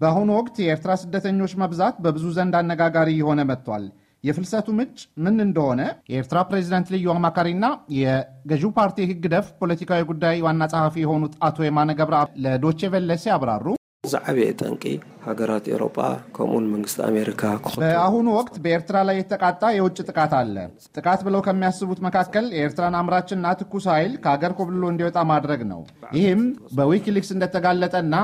በአሁኑ ወቅት የኤርትራ ስደተኞች መብዛት በብዙ ዘንድ አነጋጋሪ የሆነ መጥቷል። የፍልሰቱ ምንጭ ምን እንደሆነ የኤርትራ ፕሬዚዳንት ልዩ አማካሪና የገዢው ፓርቲ ህግ ደፍ ፖለቲካዊ ጉዳይ ዋና ጸሐፊ የሆኑት አቶ የማነ ገብረአብ ለዶቼ ቬለ ሲያብራሩ ዝዓበየ ጠንቂ ሃገራት ኤሮጳ ከምኡን መንግስት አሜሪካ በአሁኑ ወቅት በኤርትራ ላይ የተቃጣ የውጭ ጥቃት አለ። ጥቃት ብለው ከሚያስቡት መካከል የኤርትራን አምራችና ትኩስ ኃይል ከሀገር ኮብልሎ እንዲወጣ ማድረግ ነው። ይህም በዊኪሊክስ እንደተጋለጠና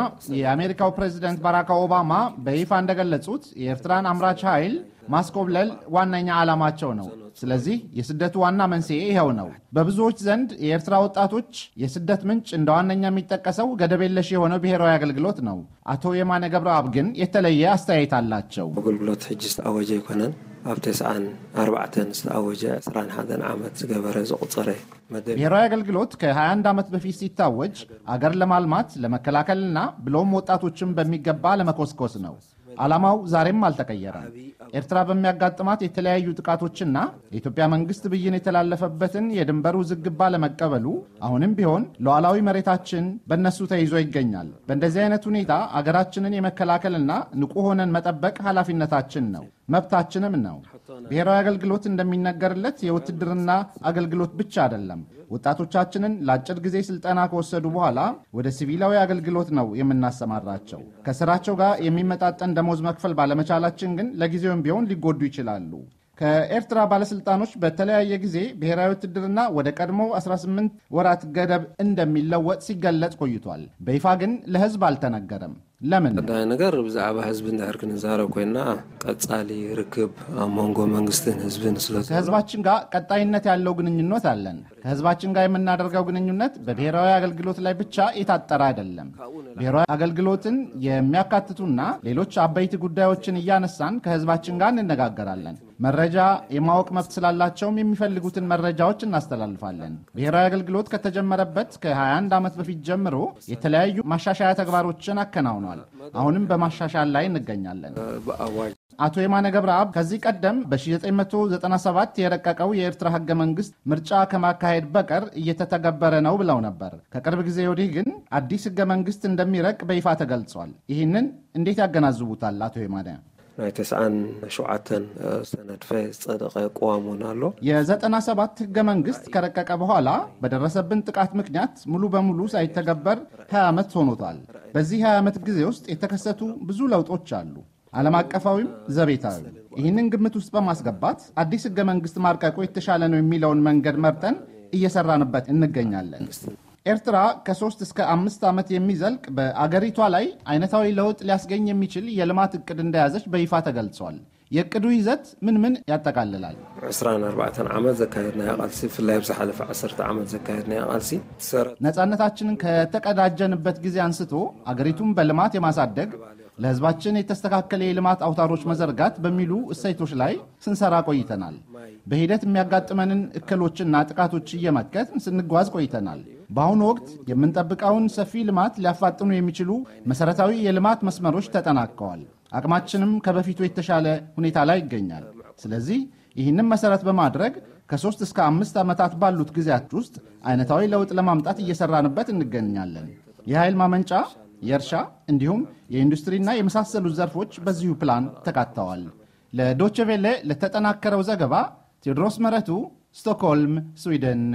የአሜሪካው ፕሬዚደንት ባራክ ኦባማ በይፋ እንደገለጹት የኤርትራን አምራች ኃይል ማስኮብለል ዋነኛ ዓላማቸው ነው። ስለዚህ የስደቱ ዋና መንስኤ ይኸው ነው። በብዙዎች ዘንድ የኤርትራ ወጣቶች የስደት ምንጭ እንደ ዋነኛ የሚጠቀሰው ገደብ የለሽ የሆነው ብሔራዊ አገልግሎት ነው። አቶ የማነ ገብረአብ ግን የተለየ አስተያየት አላቸው። አገልግሎት ሕጂ ዝተኣወጀ ይኮነን ኣብ ተስዓን ኣርባዕተን ዝተኣወጀ 21 ዓመት ዝገበረ ዝቁፅረ ብሔራዊ አገልግሎት ከ21 ዓመት በፊት ሲታወጅ አገር ለማልማት ለመከላከልና ብሎም ወጣቶችን በሚገባ ለመኮስኮስ ነው። ዓላማው ዛሬም አልተቀየረም። ኤርትራ በሚያጋጥማት የተለያዩ ጥቃቶችና የኢትዮጵያ መንግስት ብይን የተላለፈበትን የድንበር ውዝግባ ለመቀበሉ አሁንም ቢሆን ሉዓላዊ መሬታችን በእነሱ ተይዞ ይገኛል። በእንደዚህ አይነት ሁኔታ አገራችንን የመከላከልና ንቁ ሆነን መጠበቅ ኃላፊነታችን ነው፣ መብታችንም ነው። ብሔራዊ አገልግሎት እንደሚነገርለት የውትድርና አገልግሎት ብቻ አይደለም። ወጣቶቻችንን ለአጭር ጊዜ ስልጠና ከወሰዱ በኋላ ወደ ሲቪላዊ አገልግሎት ነው የምናሰማራቸው። ከስራቸው ጋር የሚመጣጠን ደሞዝ መክፈል ባለመቻላችን ግን ለጊዜውም ቢሆን ሊጎዱ ይችላሉ። ከኤርትራ ባለስልጣኖች በተለያየ ጊዜ ብሔራዊ ውትድርና ወደ ቀድሞ 18 ወራት ገደብ እንደሚለወጥ ሲገለጽ ቆይቷል። በይፋ ግን ለህዝብ አልተነገረም። ለምን ቀዳይ ነገር ብዛዕባ ህዝቢ እንድሕር ክንዛረብ ኮይና ቀጻሊ ርክብ ኣብ መንጎ መንግስትን ህዝብን ስለ ከህዝባችን ጋር ቀጣይነት ያለው ግንኙነት አለን። ከህዝባችን ጋር የምናደርገው ግንኙነት በብሔራዊ አገልግሎት ላይ ብቻ የታጠረ አይደለም። ብሔራዊ አገልግሎትን የሚያካትቱና ሌሎች አበይት ጉዳዮችን እያነሳን ከህዝባችን ጋር እንነጋገራለን። መረጃ የማወቅ መብት ስላላቸውም የሚፈልጉትን መረጃዎች እናስተላልፋለን። ብሔራዊ አገልግሎት ከተጀመረበት ከ21 ዓመት በፊት ጀምሮ የተለያዩ ማሻሻያ ተግባሮችን አከናውኗል። ተጠቅመናል። አሁንም በማሻሻል ላይ እንገኛለን። አቶ የማነ ገብረአብ ከዚህ ቀደም በ1997 የረቀቀው የኤርትራ ህገ መንግስት ምርጫ ከማካሄድ በቀር እየተተገበረ ነው ብለው ነበር። ከቅርብ ጊዜ ወዲህ ግን አዲስ ህገ መንግስት እንደሚረቅ በይፋ ተገልጿል። ይህንን እንዴት ያገናዝቡታል አቶ የማነ? ናይ 97 ዝተነድፈ ዝፀደቀ ቅዋም ኣሎ የ97 ህገ መንግስት ከረቀቀ በኋላ በደረሰብን ጥቃት ምክንያት ሙሉ በሙሉ ሳይተገበር 20 ዓመት ሆኖታል። በዚህ 20 ዓመት ጊዜ ውስጥ የተከሰቱ ብዙ ለውጦች አሉ፣ ዓለም አቀፋዊም ዘቤታዊ። ይህንን ግምት ውስጥ በማስገባት አዲስ ህገ መንግስት ማርቀቁ የተሻለ ነው የሚለውን መንገድ መርጠን እየሰራንበት እንገኛለን። ኤርትራ ከሶስት እስከ አምስት ዓመት የሚዘልቅ በአገሪቷ ላይ አይነታዊ ለውጥ ሊያስገኝ የሚችል የልማት እቅድ እንደያዘች በይፋ ተገልጿል። የእቅዱ ይዘት ምን ምን ያጠቃልላል? 24 ዓመት ዘካሄድና ቃልሲ ብፍላይ ብዝሓለፈ 10 ዓመት ዘካሄድና ቃልሲ ነፃነታችንን ከተቀዳጀንበት ጊዜ አንስቶ አገሪቱን በልማት የማሳደግ ለህዝባችን የተስተካከለ የልማት አውታሮች መዘርጋት በሚሉ እሴቶች ላይ ስንሰራ ቆይተናል። በሂደት የሚያጋጥመንን እክሎችና ጥቃቶች እየመከት ስንጓዝ ቆይተናል። በአሁኑ ወቅት የምንጠብቀውን ሰፊ ልማት ሊያፋጥኑ የሚችሉ መሰረታዊ የልማት መስመሮች ተጠናቀዋል። አቅማችንም ከበፊቱ የተሻለ ሁኔታ ላይ ይገኛል። ስለዚህ ይህንም መሰረት በማድረግ ከሶስት እስከ አምስት ዓመታት ባሉት ጊዜያት ውስጥ አይነታዊ ለውጥ ለማምጣት እየሰራንበት እንገኛለን። የኃይል ማመንጫ፣ የእርሻ እንዲሁም የኢንዱስትሪና የመሳሰሉት ዘርፎች በዚሁ ፕላን ተካተዋል። ለዶችቬሌ ለተጠናከረው ዘገባ ቴዎድሮስ መረቱ ስቶክሆልም፣ ስዊድን